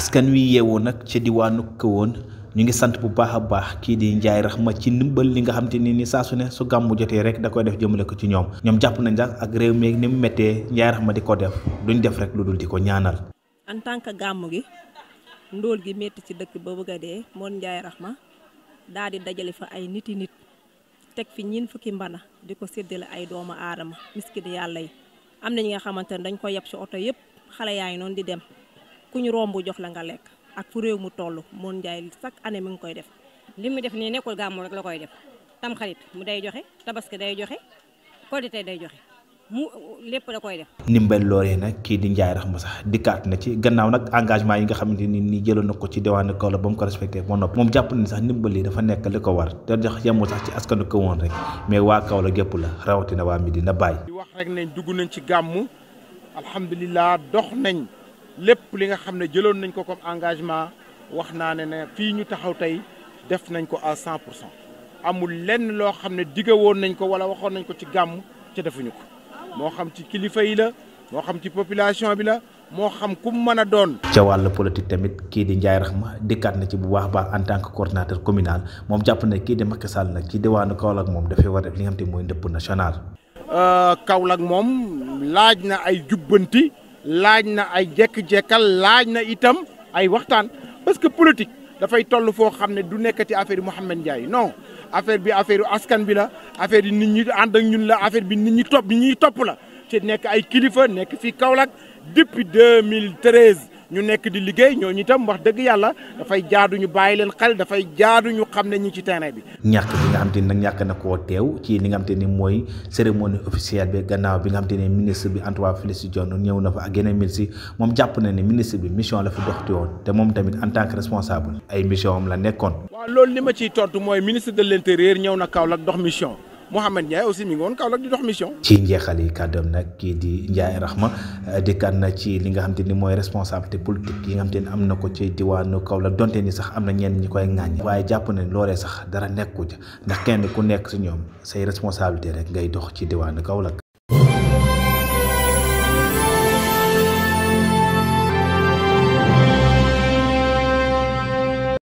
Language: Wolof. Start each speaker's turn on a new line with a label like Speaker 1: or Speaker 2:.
Speaker 1: askan wi yeewoo nag ci diwaanu Kahone ñu ngi sant bu baax a baax kii di njaay rax ma ci ndimbal li nga xam ni ni saa su ne su gàmmu jotee rek da koy def jëmale ko ci ñoom ñoom jàpp nañ sax ak réew mi ni mu méttee Ndiaye Rahma di ko def duñ def rek lu dul di ko ñaanal.
Speaker 2: en tant que gàmmu gi ndóol gi métti ci dëkk ba bëgg a dee moom Ndiaye Rahma daal di dajale fa ay nit i nit teg fi ñiin fukki mbana di ko séddale ay doomu aadama miskin yàlla yi am na ñi nga xamante ne dañ ko yeb ci oto yëpp xale yaa ngi noonu di dem. ku ñu romb jox la nga lekk ak fu réew mu toll moon njaay chaque année mi ngi koy def li mu def nii nekkul gàmmu rek la koy def di
Speaker 1: Ndiaye Rahma sax dikkaat na ci gannaaw yi nga xamante ni nii jëloon na ko ci diwaanu Kaolack ba mu ko respecté ba noppi. moom jàpp na ni sax ndimbal li dafa nekk li ko war te jox yemul sax ci askanu ko woon rek mais waa Kaolack gépp la rawatina waa Medina Baye. di wax
Speaker 3: rek ne dugg nañ ci gàmmu alhamdulilah dox nañ. lépp li nga xam ne jëloon nañ ko comme engagement wax naa ne ne fii ñu taxaw tey def nañ ko à cent amul lenn loo xam ne digga woon nañ ko wala waxoon nañ ko ci gàmm ca defuñu ko moo xam ci kilifa yi la moo xam ci population bi la moo xam ku mën a doon.
Speaker 1: ca wàll politique tamit kii di Ndiaye Rahma dikkaat na ci bu waax baax en tant que coordinateur communal moom jàpp na kii di Macky Sall nag ci diwaanu Kaolack moom dafay war def li nga xam te mooy ndëpp national.
Speaker 3: Euh, moom laaj na ay jubbanti. laaj na ay jekk-jekkal laaj na itam ay waxtaan parce que politique dafay toll foo xam ne du nekkati affaire yi mohamed ndiaye non affaire bi affaire askan bi la affaire yi nit ñi ànd ak ñun la affaire bi nit ñi topp ñi ñuy topp la ci nekk ay kilifa nekk fi kaolack depuis 2013 ñu nekk di liggéey ñoo ñooñu itam wax dëgg yàlla dafay jaadu ñu bàyyi leen xel dafay jaadu ñu xam ne ñi ci terrain bi.
Speaker 1: ñàkk bi nga xam te ne ñàkk na koo teew ci li nga xam te ne mooy cérémonie officielle bi gannaaw bi nga xam te ne ministre bi Antoine Félix Diome ñëw na fa ak yeneen ministre yi moom jàpp na ne ministre bi mission la fi doxti woon te moom tamit en tant que responsable ay mission am la nekkoon.
Speaker 3: waaw loolu li ma ciy tontu mooy ministre de l'intérieur na Kaolack dox mission. Mouhamed Ndiaye aussi mi ngi woon Kaolack di dox mission.
Speaker 1: ci njeexal yi kàddoom nag kii di rax ma eh, dikkaat na ci li nga xam te ni mooy responsabilité politique yi nga xam te ni am na ko ci diwaanu Kaolack donte ni sax am na ñenn ñi koy ŋàññ. waaye jàpp na loolee sax dara nekku ca ndax kenn ku nekk si ñoom say responsabilité rek ngay dox ci diwaanu Kaolack.